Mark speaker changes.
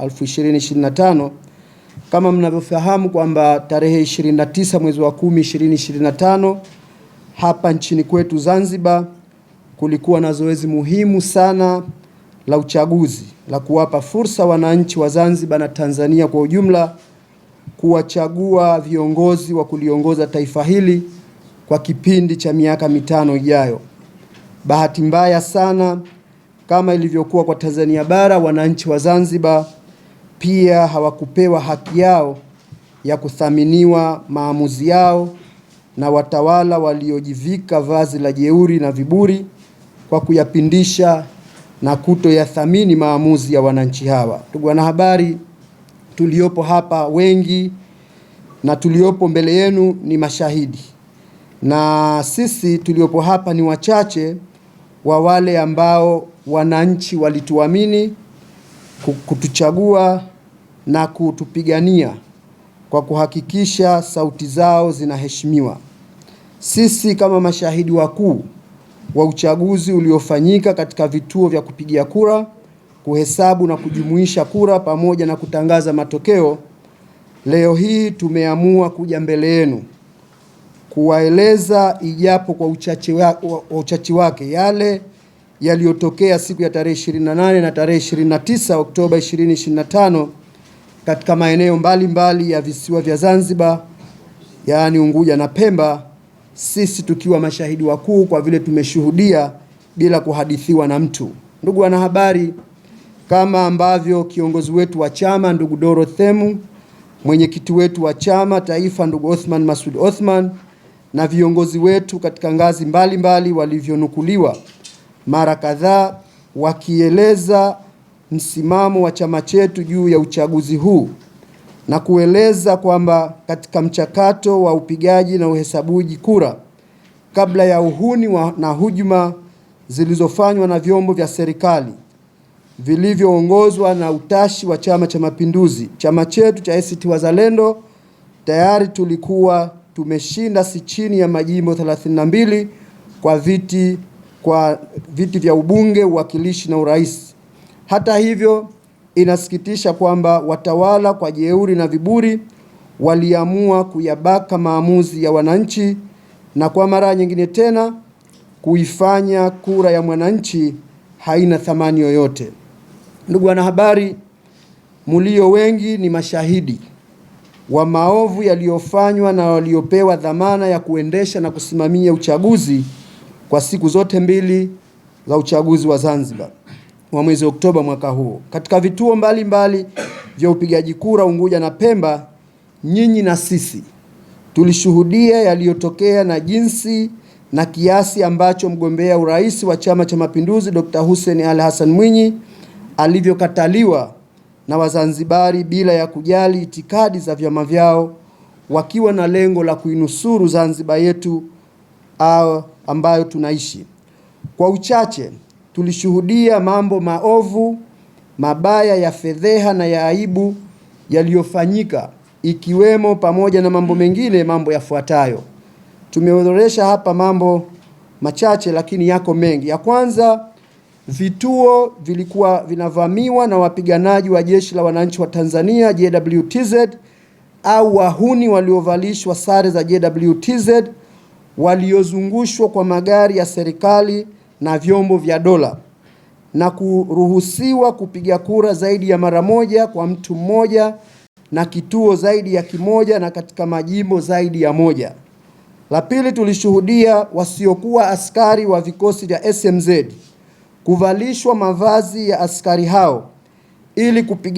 Speaker 1: 2025 kama mnavyofahamu kwamba tarehe 29 mwezi wa 10 2025 hapa nchini kwetu Zanzibar kulikuwa na zoezi muhimu sana la uchaguzi la kuwapa fursa wananchi wa Zanzibar na Tanzania kwa ujumla kuwachagua viongozi wa kuliongoza taifa hili kwa kipindi cha miaka mitano ijayo. Bahati mbaya sana, kama ilivyokuwa kwa Tanzania bara, wananchi wa Zanzibar pia hawakupewa haki yao ya kuthaminiwa maamuzi yao na watawala waliojivika vazi la jeuri na viburi kwa kuyapindisha na kutoyathamini maamuzi ya wananchi hawa. Ndugu wanahabari, tuliopo hapa wengi na tuliopo mbele yenu ni mashahidi, na sisi tuliopo hapa ni wachache wa wale ambao wananchi walituamini kutuchagua na kutupigania kwa kuhakikisha sauti zao zinaheshimiwa. Sisi kama mashahidi wakuu wa uchaguzi uliofanyika katika vituo vya kupigia kura, kuhesabu na kujumuisha kura pamoja na kutangaza matokeo, leo hii tumeamua kuja mbele yenu kuwaeleza ijapo kwa uchache wa, uchache wake yale yaliyotokea siku ya tarehe 28 na tarehe 29 Oktoba 2025 katika maeneo mbalimbali ya visiwa vya Zanzibar, yaani Unguja na Pemba, sisi tukiwa mashahidi wakuu kwa vile tumeshuhudia bila kuhadithiwa na mtu. Ndugu wanahabari, kama ambavyo kiongozi wetu wa chama ndugu Doro Themu, mwenyekiti wetu wa chama taifa ndugu Othman Masud Othman na viongozi wetu katika ngazi mbalimbali walivyonukuliwa mara kadhaa wakieleza msimamo wa chama chetu juu ya uchaguzi huu na kueleza kwamba katika mchakato wa upigaji na uhesabuji kura, kabla ya uhuni wa na hujuma zilizofanywa na vyombo vya serikali vilivyoongozwa na utashi wa Chama cha Mapinduzi, chama chetu cha ACT Wazalendo tayari tulikuwa tumeshinda si chini ya majimbo 32 kwa viti kwa viti vya ubunge, uwakilishi na urais hata hivyo, inasikitisha kwamba watawala kwa jeuri na viburi waliamua kuyabaka maamuzi ya wananchi na kwa mara nyingine tena kuifanya kura ya mwananchi haina thamani yoyote. Ndugu wanahabari, mulio wengi ni mashahidi wa maovu yaliyofanywa na waliopewa dhamana ya kuendesha na kusimamia uchaguzi kwa siku zote mbili za uchaguzi wa Zanzibar wa mwezi Oktoba mwaka huu katika vituo mbalimbali mbali vya upigaji kura Unguja na Pemba, nyinyi na sisi tulishuhudia yaliyotokea na jinsi na kiasi ambacho mgombea urais wa Chama cha Mapinduzi Dr. Hussein Ali Hassan Mwinyi alivyokataliwa na Wazanzibari bila ya kujali itikadi za vyama vyao, wakiwa na lengo la kuinusuru Zanzibar yetu ambayo tunaishi. Kwa uchache tulishuhudia mambo maovu mabaya ya fedheha na ya aibu yaliyofanyika, ikiwemo pamoja na mambo mengine mambo yafuatayo. Tumeorodhesha hapa mambo machache, lakini yako mengi. Ya kwanza, vituo vilikuwa vinavamiwa na wapiganaji wa jeshi la wananchi wa Tanzania JWTZ, au wahuni waliovalishwa sare za JWTZ waliozungushwa kwa magari ya serikali na vyombo vya dola na kuruhusiwa kupiga kura zaidi ya mara moja kwa mtu mmoja na kituo zaidi ya kimoja na katika majimbo zaidi ya moja. La pili, tulishuhudia wasiokuwa askari wa vikosi vya SMZ kuvalishwa mavazi ya askari hao ili kupiga